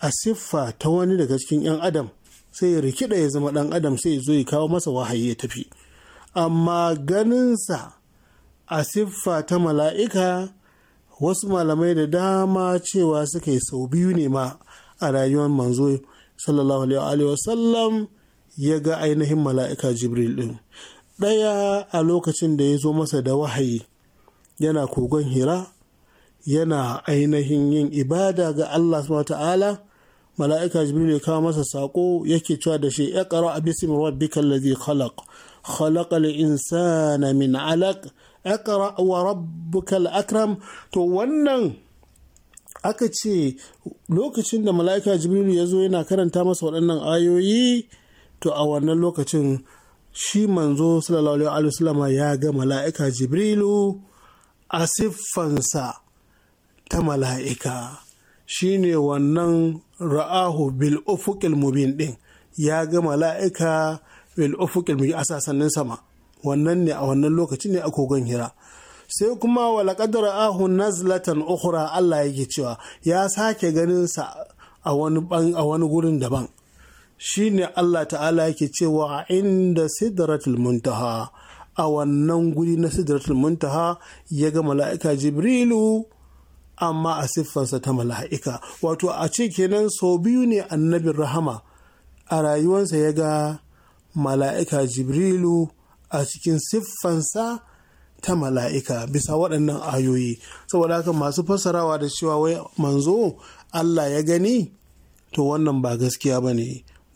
a siffa ta wani daga cikin 'yan adam sai ya rikida ya zama ɗan adam sai ya zo ya kawo masa wahayi ya tafi amma ganinsa a siffa ta mala'ika wasu malamai da dama cewa suka yi sau biyu ne ma a rayuwar manzo sallallahu alaihi wasallam ya ga ainihin mala'ika jibril din ɗaya a lokacin da ya zo masa da wahayi yana kogon hira yana ainihin yin ibada ga Allah subhanahu ta'ala mala'ika jibril ya kawo masa sako yake cewa da shi ya a bismi rabbika allazi khalaq khalaqal insana min alaq wa rabbukal akram to wannan aka ce lokacin da mala'ika jibril ya zo yana karanta masa waɗannan ayoyi to a wannan lokacin shi manzo sallallahu alaihi wasallama ya ga mala'ika jibrilu a siffansa ta mala'ika Shi ne wannan ra'ahu bil ufuqil mubin din ya ga mala'ika bil ufuqil mubin a sassanin sama wannan ne a wannan lokaci ne a kogon hira sai kuma walaƙad ra'ahu nazlatan ukhra Allah yake cewa ya sake ganin sa a wani a wani gurin daban shi ne Allah ta'ala yake cewa inda sidratul muntaha a wannan guri na sidratul muntaha ya ga mala'ika jibrilu amma a siffansa ta mala'ika wato a ce kenan sau biyu ne annabin rahama a rayuwansa ya ga mala'ika jibrilu a cikin siffansa ta mala'ika bisa waɗannan ayoyi saboda haka masu fassarawa da cewa wai manzo Allah ya gani to wannan ba gaskiya ba ne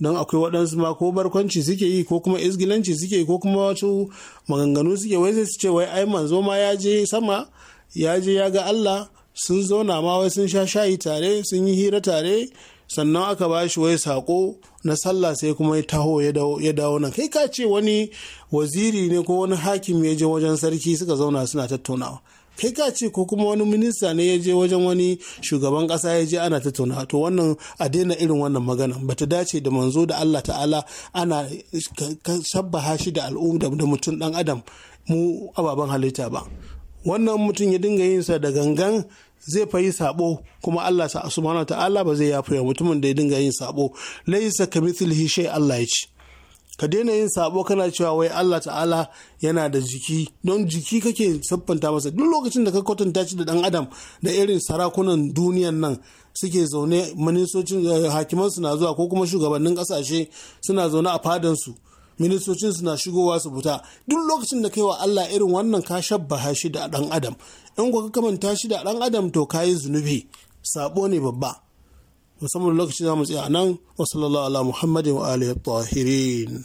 don akwai waɗansu ma ko barkwanci suke yi ko kuma izgilanci suke yi ko kuma wasu maganganu suke wai sai su ce wai ai manzo ma ya je sama ya je ya ga Allah sun zauna ma wai sun sha shayi tare sun yi hira tare sannan aka ba shi wai sako na sallah sai kuma ya taho ya dawo nan kai ka ce wani waziri ne ko wani hakim ya je wajen sarki suka zauna suna tattaunawa kai ka ce ko kuma wani minista ne ya je wajen wani shugaban kasa ya je ana tattauna to wannan a daina irin wannan magana Ba ta dace da manzo da Allah ta'ala ana shabbaha shi da al'umma da mutum dan adam mu ababen halitta ba wannan mutum ya dinga yin sa da gangan zai fayi sabo kuma Allah subhanahu ta'ala ba zai yafe mutumin da ya dinga yin sabo laisa kamithlihi shay Allah ya ce ka daina yin sabo kana cewa wai Allah ta'ala yana da jiki don jiki kake siffanta masa duk lokacin da ka kwatanta shi da dan adam da irin sarakunan duniyan nan suke zaune ministocin eh, hakiman na zuwa ko kuma shugabannin kasashe suna zaune a fadan su ministocin suna shigowa su fita duk lokacin da kaiwa Allah irin wannan ka shabbaha shi da dan adam in ka kamanta shi da dan adam to kayi zunubi sabo ne babba musamman lokaci za mu tsaya a nan wa sallallahu ala muhammadin wa alihi tahirin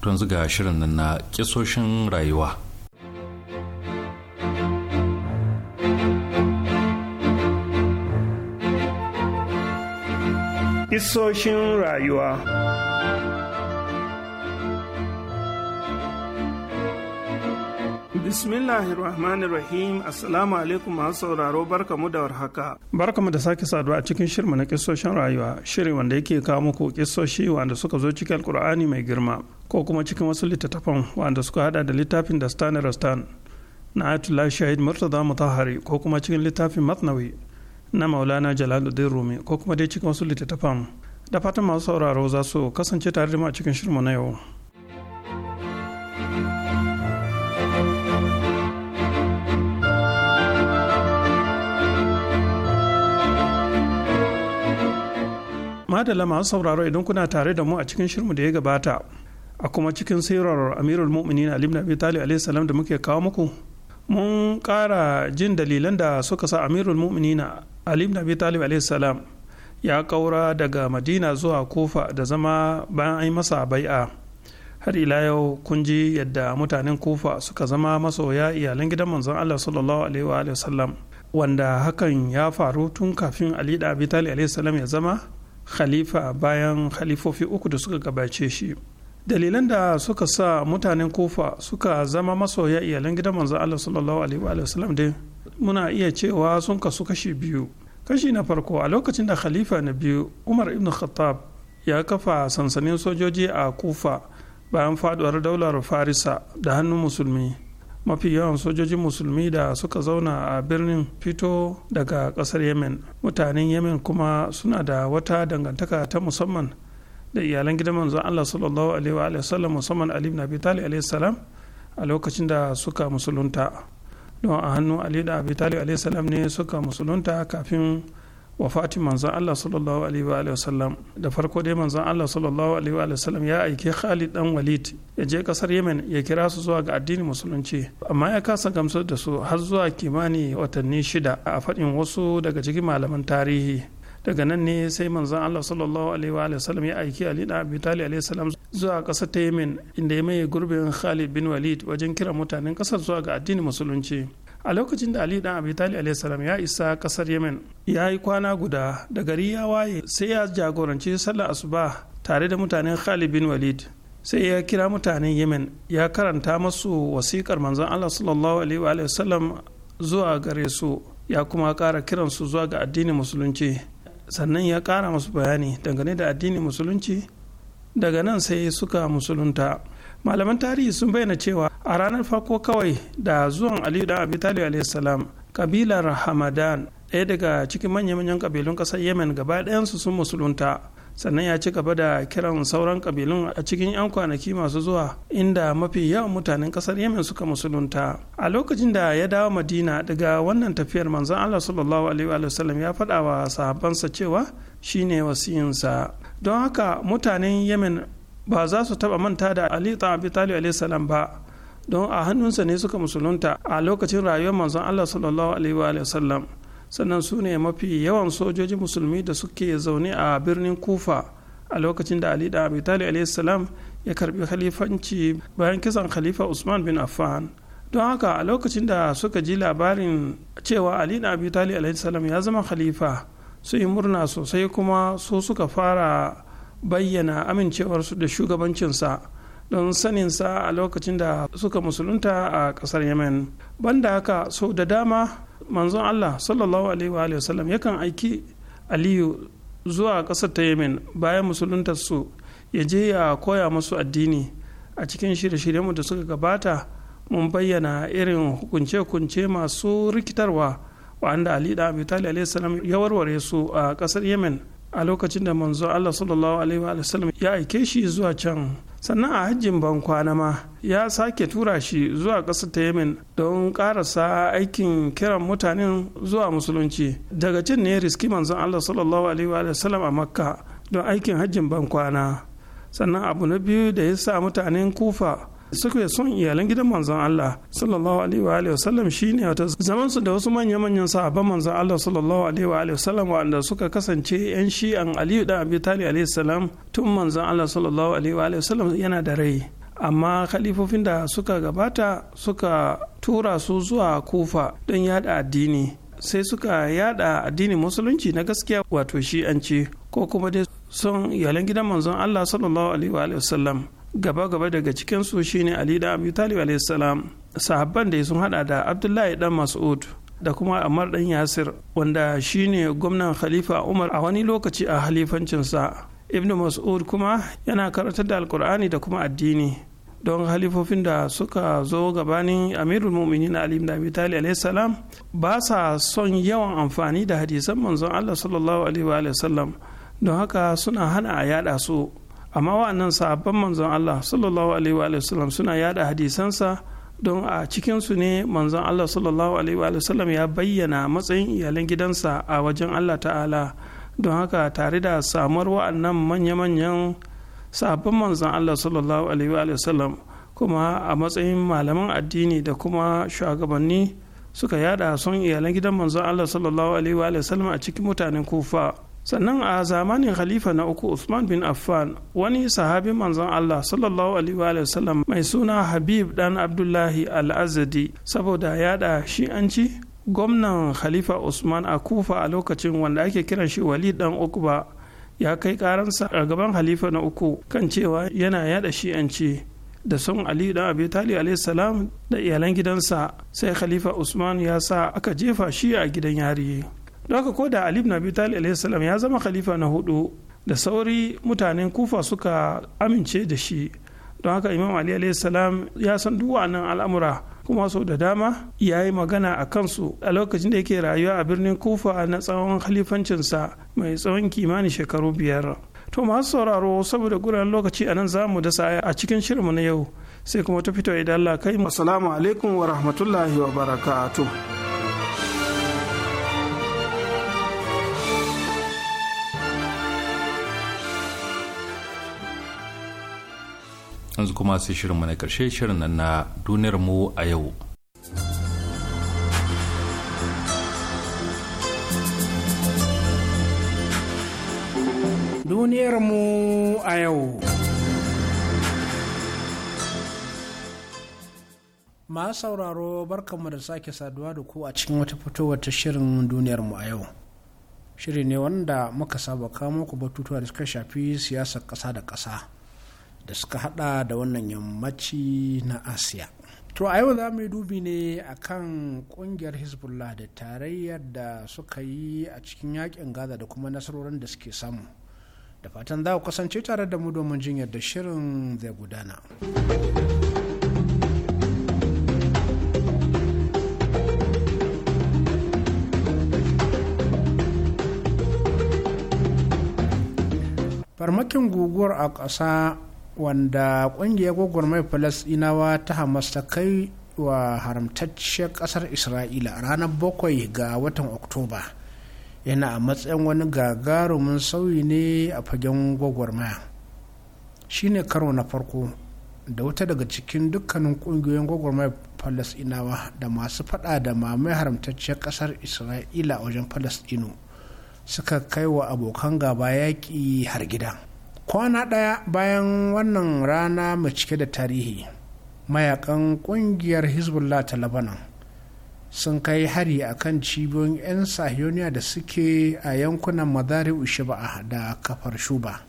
tun ga shirin nan na kisoshin rayuwa kisoshin rayuwa Bismillahirrahmanirrahim Assalamu alaikum masu sauraro barkamu da warhaka. Barkamu da sake saduwa a cikin shirma na kisoshin rayuwa, shirin wanda yake kawo muku kisoshi wanda suka zo cikin Alkur'ani mai girma ko kuma cikin wasu littattafan wanda suka hada da littafin da Stan Rastan na Ayatollah Shahid Murtaza Mutahari ko kuma cikin littafin Matnawi na Maulana Jalaluddin Rumi ko kuma dai cikin wasu littattafan. Da fatan masu sauraro za su kasance tare da mu a cikin shirma na yau. da lama sauraro idan kuna tare da mu a cikin shirmu da ya gabata a kuma cikin sirar amirul mu'minin ali ibn abi talib alaihi salam da muke kawo muku mun kara jin dalilan da suka sa amirul mu'minin ali ibn abi talib alaihi salam ya kaura daga madina zuwa kofa da zama bayan an yi masa bai'a har ila yau kun ji yadda mutanen kofa suka zama masoya iyalan gidan manzon allah sallallahu alaihi wa sallam wanda hakan ya faru tun kafin ali da abi talib alaihi salam ya zama khalifa bayan khalifofi uku da suka gabace shi dalilan da suka sa mutanen Kufa suka zama masoya iyalan gidan manzon Allah sallallahu alaihi wa sallam dai muna iya cewa sun kasu kashi biyu kashi na farko a lokacin da khalifa na biyu Umar ibn Khattab ya kafa sansanin sojoji a Kufa bayan faduwar daular Farisa da hannun musulmi mafi yawan sojojin musulmi da suka zauna a birnin fito daga kasar yemen mutanen yemen kuma suna da wata dangantaka ta musamman da iyalan gidan manzon allah sallallahu alaihi wa sallam musamman ali ibn abi talib alaihi salam a lokacin da suka musulunta don a hannun ali da abi talib alaihi salam ne suka musulunta kafin wafatin manzon Allah sallallahu alaihi wa sallam da farko dai manzon Allah sallallahu alaihi wa sallam ya aike Khalid dan Walid ya je kasar Yemen ya kira su zuwa ga addinin musulunci amma ya kasa gamsar da su har zuwa kimani watanni shida a faɗin wasu daga cikin malaman tarihi daga nan ne sai manzon Allah sallallahu alaihi wa sallam ya aiki Ali da Abi Talib alaihi salam zuwa kasar ta Yemen inda ya mai gurbin Khalid bin Walid wajen kiran mutanen kasar zuwa ga addinin musulunci a lokacin da ali dan abi talib alaihissalam ya isa kasar yemen ya yi kwana guda da gari ya waye sai ya jagoranci sallar asuba tare da mutanen khalid bin walid sai ya kira mutanen yemen ya karanta masu wasikar manzon allah sallallahu alaihi wa sallam zuwa gare su ya kuma ƙara kiransu zuwa ga addinin musulunci sannan ya kara masu bayani dangane da addinin musulunci daga nan sai suka musulunta malaman tarihi sun bayyana cewa a ranar farko kawai da zuwan aliyu dan abi talib salam kabilar hamadan ɗaya daga cikin manyan manyan kabilun ƙasar yemen gaba ɗayansu sun musulunta sannan ya ci gaba da kiran sauran kabilun a cikin 'yan kwanaki masu zuwa inda mafi yawan mutanen kasar yemen suka musulunta a lokacin da ya dawo madina daga wannan tafiyar manzon allah sallallahu alaihi wa sallam ya faɗa wa sahabbansa cewa shine wasiyinsa don haka mutanen yemen ba za su taba manta da ali ta abi talib alaihi ba don a hannunsa ne suka musulunta a lokacin rayuwar manzon Allah sallallahu alaihi wa sallam sannan su ne mafi yawan sojoji musulmi da suke zaune a birnin kufa a lokacin da ali da abi talib alaihi salam ya karbi khalifanci bayan kisan khalifa usman bin affan don haka a lokacin da suka ji labarin cewa ali da abi talib alaihi salam ya zama khalifa su yi murna sosai kuma su suka fara bayyana amincewarsu da shugabancinsa don saninsa a lokacin da suka musulunta a ƙasar yemen banda haka sau da dama manzon allah sallallahu alaihi wasallam yakan aiki aliyu zuwa ƙasar ta yemen bayan musuluntarsu ya je ya koya masu addini a cikin shirye-shiryenmu da suka gabata mun bayyana irin hukunce-hukunce masu rikitarwa wa'anda ali da abu ya warware su a ƙasar yemen a lokacin da manzo Allah sallallahu alaihi wa sallam ya aike shi zuwa can sannan a hajjin ban kwana ma ya sake tura shi zuwa ƙasar ta yamin don ƙarasa aikin kiran mutanen zuwa musulunci daga cin ne riski manzo Allah sallallahu alaihi wa sallam a makka don aikin hajjin ban kwana sannan abu na biyu da ya sa mutanen kufa yi son iyalan gidan manzon Allah sallallahu alaihi wa alihi wasallam shine wata zaman su da wasu manya manyan sahabban manzon Allah sallallahu alaihi wa alihi wasallam wanda suka kasance yan shi'an Aliyu da Abi Talib alaihi salam tun manzon Allah sallallahu alaihi wa alihi wasallam yana da rai amma khalifofin da suka gabata suka tura su zuwa kufa don yada addini sai suka yada addinin musulunci na gaskiya wato shi'anci ko kuma dai son iyalan gidan manzon Allah sallallahu alaihi wa sallam gaba-gaba daga cikinsu shine ali da abu talib alaihissalam sahabban da sun hada da abdullahi dan mas'ud da kuma amar dan yasir wanda shine gwamnan khalifa umar a wani lokaci a halifancinsa ibnu mas'ud kuma yana karantar da alkur'ani da kuma addini don halifofin da suka zo gabanin amirul mu'minin ali ibn abi talib alaihissalam ba sa son yawan amfani da hadisan manzon allah sallallahu alaihi wa sallam don haka suna hana a yada su amma wa'annan sahabban manzon Allah sallallahu alaihi wa sallam suna yada hadisansa don a cikinsu ne manzon Allah sallallahu alaihi wa sallam ya bayyana matsayin iyalan gidansa a wajen Allah ta'ala don haka tare da samar wa'annan manya-manyan sahabban manzon Allah sallallahu alaihi wa sallam kuma a matsayin malaman addini da kuma shugabanni suka yada son iyalan gidan manzon Allah sallallahu alaihi wa sallam a cikin mutanen Kufa sannan a zamanin khalifa na uku usman bin Affan wani sahabi manzon Allah sallallahu alaihi wa sallam mai suna Habib dan Abdullahi al-Azadi saboda yada shi'anci gwamnan khalifa Usman a Kufa a lokacin wanda ake kiran shi Walid dan Ukba ya kai karansa a gaban khalifa na uku kan cewa yana yada shi'anci da son Ali dan Abi Talib alaihi da iyalan gidansa sai khalifa Usman ya sa aka jefa shi a gidan yari don haka ko da ali ibn abi talib ya zama khalifa na hudu da sauri mutanen kufa suka amince da shi don haka imam ali salam ya san duk wa'annan al'amura kuma sau da dama ya yi magana a kansu a lokacin da yake rayuwa a birnin kufa na tsawon khalifancinsa mai tsawon kimanin shekaru biyar to masu sauraro saboda guran lokaci a nan zamu dasa a cikin shirinmu na yau sai kuma ta fito idan Allah kai mu assalamu alaikum wa rahmatullahi wa barakatuh yanzu kuma sai shirinmu na karshe shirin nan na duniyar mu a yau. Duniyar mu a yau. Masu sauraro barkanmu da sake saduwa da ku a cikin wata fitowar ta shirin duniyar mu a yau. Shiri ne wanda muka saba kamo ku batutuwa da suka shafi siyasar ƙasa da ƙasa. da suka hada da wannan yammaci na asiya to a yau za mu yi dubi ne a kan kungiyar hezbollah da tarayyar da suka yi a cikin yakin gaza da kuma nasarorin da suke samu da fatan za ku kasance tare da mu domin jin yadda shirin zai gudana farmakin guguwar a ƙasa wanda ƙungiyar gwagwarmai falasɗinawa ta hamas ta kai wa haramtacciyar kasar isra'ila ranar bakwai ga watan oktoba yana a matsayin wani gagarumin sauyi ne a fagen gwagwarmaya shine karo na farko da wata daga cikin dukkanin ƙungiyoyin gwagwarmai falasɗinawa da masu faɗa da mamai haramtacciyar kasar isra'ila a wajen falasɗinu suka kai wa abokan gaba yaƙi har gida. kwana ɗaya bayan wannan rana mai cike da tarihi mayakan ƙungiyar hezbollah ta labanan sun kai hari a kan cibiyoyin 'yan sahiyoniya da suke a yankunan madari ushiba da kafar shuba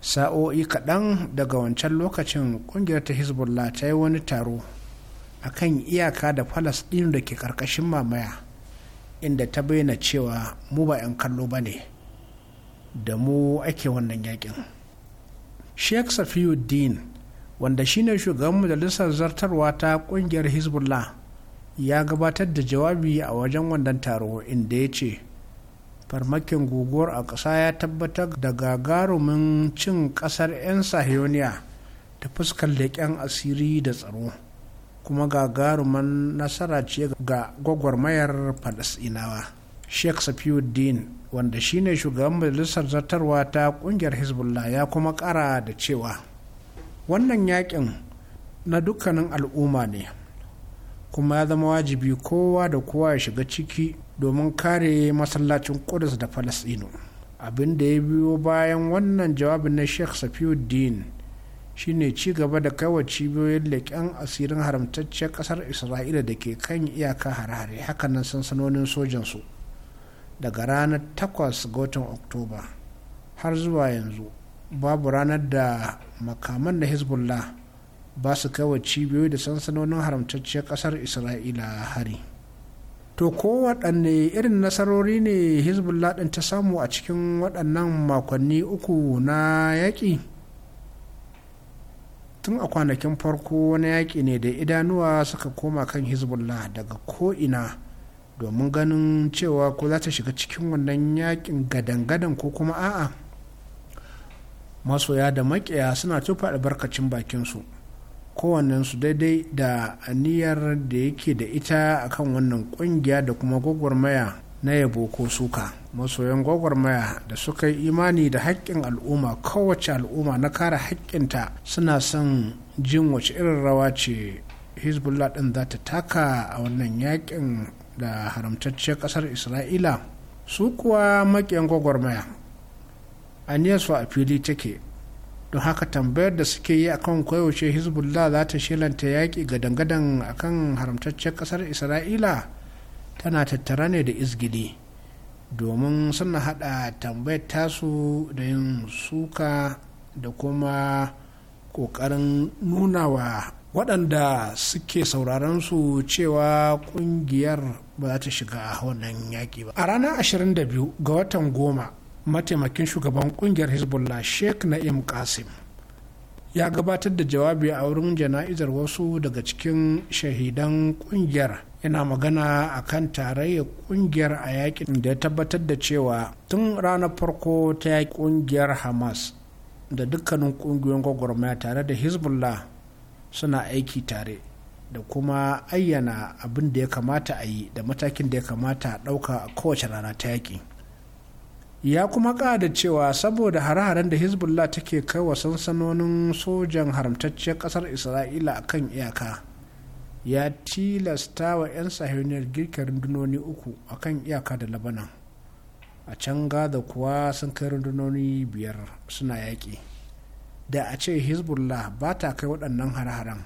sa'o'i kaɗan daga wancan lokacin ƙungiyar ta hezbollah ta yi wani taro a kan iyaka da Falasɗin da ke ƙarƙashin mamaya inda ta bayyana cewa mu ba 'yan kallo ba ne da mu ake wannan yakin sheikh safiuddin wanda shine shugaban majalisar zartarwa ta kungiyar hezbollah ya gabatar da jawabi a wajen wannan taro inda ya ce farmakin guguwar a ƙasa ya tabbatar da gagarumin cin ƙasar 'yan sahioniya ta fuskar leƙen asiri da tsaro kuma gagarumin nasara ce ga gwagwarmayar falasɗinawa sheikh safiuddin wanda shine shugaban majalisar zartarwa ta kungiyar hezbollah ya kuma kara da cewa wannan yakin na dukkanin al'umma ne kuma ya zama wajibi kowa da kowa ya shiga ciki domin kare masallacin kudus da falasɗinu abin da ya biyo bayan wannan jawabin na sheikh safiuddin shine ci gaba da kawai cibiyoyin leƙen asirin haramtacciyar ƙasar isra'ila da ke kan iyaka harare hakanan sansanonin sojansu daga ranar 8 ga watan oktoba har zuwa yanzu babu ranar da makaman da hezbollah ba su kawo cibiyoyi da sansanonin haramtacciyar kasar isra'ila hari to ko waɗanne irin nasarori ne hezbollah ɗin ta samu a cikin waɗannan makonni uku na yaƙi tun a kwanakin farko wani yaƙi ne da idanuwa suka koma kan hezbollah daga ko'ina domin ganin cewa ko za ta shiga cikin wannan yakin gadan-gadan ko kuma a'a masoya da makiya suna tufa albarkacin bakinsu kowannensu daidai da aniyar da yake da ita akan wannan kungiya da kuma gwagwarmaya na yabo ko suka masoyan gwagwarmaya da suka yi imani da haƙƙin al'umma kowace al'umma na kare haƙƙinta suna son jin wace irin rawa ce hezbollah ɗin za ta taka a wannan yaƙin da haramtacciyar ƙasar isra'ila su kuwa maƙiyan gwagwarmaya a aniyarsu a fili take don haka tambayar da suke yi akan koyaushe hezbollah za ta shelanta yaƙi gadangadan akan haramtacciyar ƙasar isra'ila tana tattara ne da izgili domin suna haɗa tambayar tasu da yin suka da kuma ƙoƙarin nuna wa waɗanda suke sauraron su cewa ƙungiyar ba za ta shiga a wannan yaƙi ba a ranar 22 ga watan goma mataimakin shugaban ƙungiyar hezbollah sheikh na'im qasim ya gabatar da jawabi a wurin jana'izar wasu daga cikin shahidan ƙungiyar yana magana a kan tarayyar kungiyar a yaƙin da ya tabbatar da cewa tun ranar farko ta yaƙi kungiyar hamas da dukkanin kungiyoyin gwagwarmaya tare da hezbollah suna aiki tare da kuma ayyana abin da ya kamata a yi da matakin da ya kamata a ɗauka a kowace rana ta yaƙi ya kuma ƙada cewa saboda hare-haren da hezbollah take kai wa sansanonin sojan haramtacciyar ƙasar isra'ila a kan iyaka ya tilasta wa 'yan sahiyoniyar girka rundunoni uku a kan iyaka da labanan a can gada kuwa sun kai rundunoni biyar suna yaƙi da a ce hezbollah ba ta kai waɗannan har-haren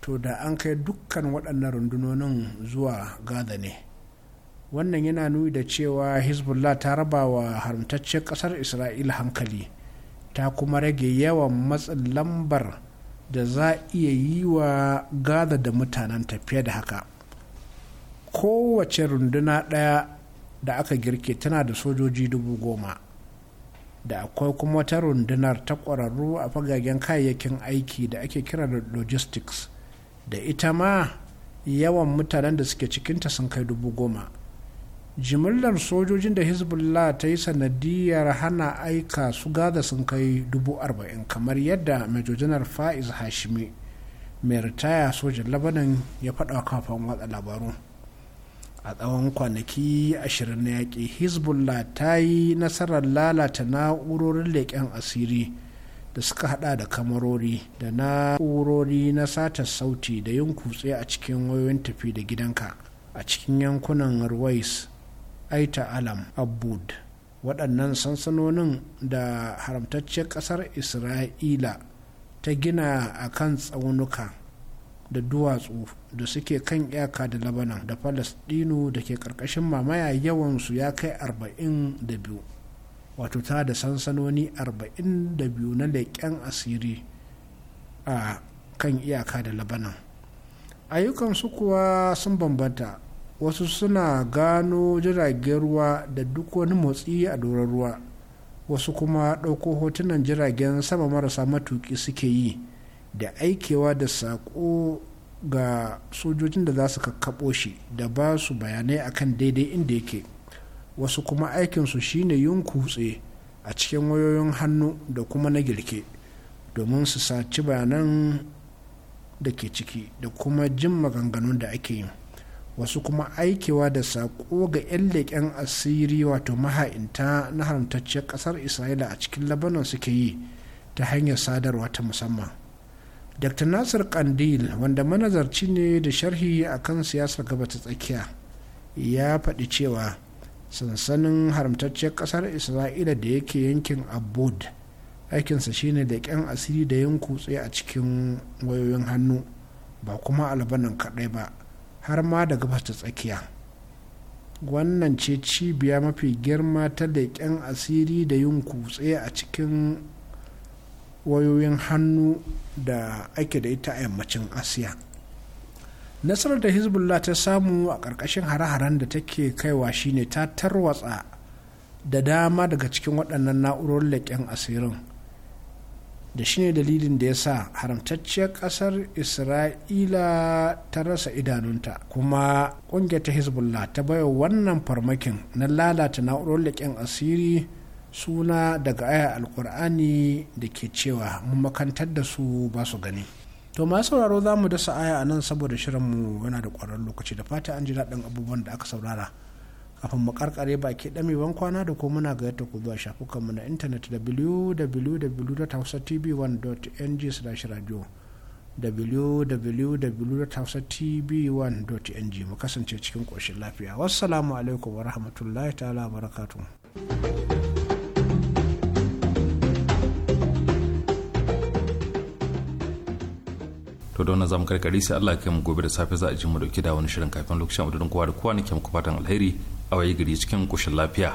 to da an kai dukkan waɗannan rundunonin zuwa gaza ne wannan yana nuni da cewa hezbollah ta raba wa haramtaccen ƙasar isra'ila hankali ta kuma rage yawan matsin lambar da za iya yi wa gaza da mutanen tafiya da haka kowace runduna ɗaya da aka girke tana da sojoji dubu goma da akwai kuma wata rundunar ta ƙwararru a fagagen kayayyakin aiki da ake kira da logistics da ita ma yawan mutanen da suke cikinta sun kai dubu goma jimillar sojojin da hezbollah ta yi sanadiyar hana aika su gada sun kai dubu arba'in kamar yadda majojinar faiz hashimi mai ritaya sojan labanin ya faɗa kafin watsa labaru a tsawon kwanaki ashirin na yaƙi hezbollah ta yi nasarar lalata na'urorin leƙen asiri da suka hada da kamarori da na'urori na sata sauti da yin kutse a cikin wayoyin tafi da gidanka a cikin yankunan ruwais aita alam abud waɗannan sansanonin da haramtacciyar ƙasar isra'ila ta gina a kan tsaunuka da duwatsu da suke kan iyaka da labanan da falastinu da ke karkashin mamaya su ya kai 42 wato ta da sansanoni arba'in 42 na leƙen asiri a kan iyaka da labanan ayyukansu kuwa sun bambanta wasu suna gano jiragen ruwa da duk wani motsi a doron ruwa wasu kuma ɗauko hotunan jiragen sama marasa matuki suke yi da aikewa da saƙo ga sojojin da za su kakkaɓo shi da ba su bayanai akan daidai inda yake wasu kuma aikinsu shine yin kutse a cikin wayoyin hannu da kuma na girke domin su saci bayanan da ke ciki da kuma jin maganganun da ake yi wasu kuma aikewa da saƙo ga 'yan leƙen asiri wato maha'inta na haramtacciyar ƙasar isra'ila a cikin labanon suke yi ta hanyar sadarwa ta musamman dr nasir kandil wanda manazarci ne da sharhi a kan siyasar gaba ta tsakiya ya faɗi cewa sansanin haramtaccen ƙasar isra'ila da yake yankin abud aikinsa shine da ƙyan asiri da yin kutse a cikin wayoyin hannu ba kuma albanan kaɗai ba har ma da gabas ta tsakiya wannan ce cibiya mafi girma ta leƙen asiri da yin kutse a cikin wayoyin hannu da ake da ita a yammacin asiya nasarar da hezbollah ta samu a ƙarƙashin hare-haren da take kaiwa shine ta tarwatsa da dama daga cikin waɗannan na'urorin leƙen asirin da shine dalilin da ya sa haramtacciyar ƙasar isra'ila ta rasa idanunta kuma ƙungiyar ta hezbollah ta baiwa wannan farmakin na lalata na'urorin leƙen asiri suna daga aya alkur'ani da ke cewa mun makantar da su ba su gani to ma sauraro za mu dasa aya a nan saboda shirinmu yana da kwarar lokaci da fata an ji daɗin abubuwan da aka saurara kafin mu karkare baki damewan kwana da ko muna gayyata ku zuwa shafukanmu na intanet www.hausatv1.ng/radio www.hausatv1.ng mu kasance cikin ƙoshin lafiya wassalamu alaikum wa rahmatullahi ta'ala wa to da wannan zamu karkare sai Allah ya kai mu gobe da safe za a ji mu dauki da wani shirin kafin lokacin da kowa da kowa ne ke muku fatan alheri a waye gari cikin kushin lafiya